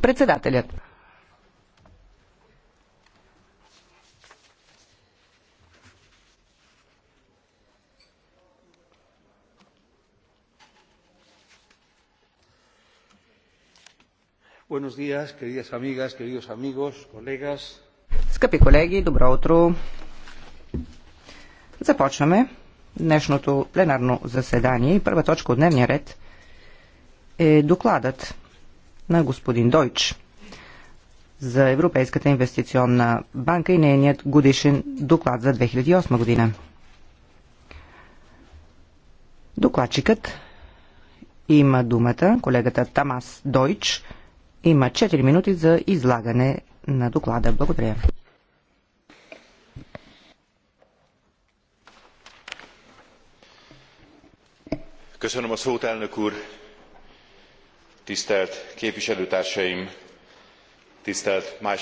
Председателят. Buenos días, queridas amigas, queridos amigos, colegas. Скъпи колеги, добро утро! Започваме днешното пленарно заседание и първа точка от дневния ред – е докладът на господин Дойч за Европейската инвестиционна банка и нейният годишен доклад за 2008 година. Докладчикът има думата, колегата Тамас Дойч има 4 минути за излагане на доклада. Благодаря. Köszönöm a szót, elnök úr! tisztelt képviselőtársaim tisztelt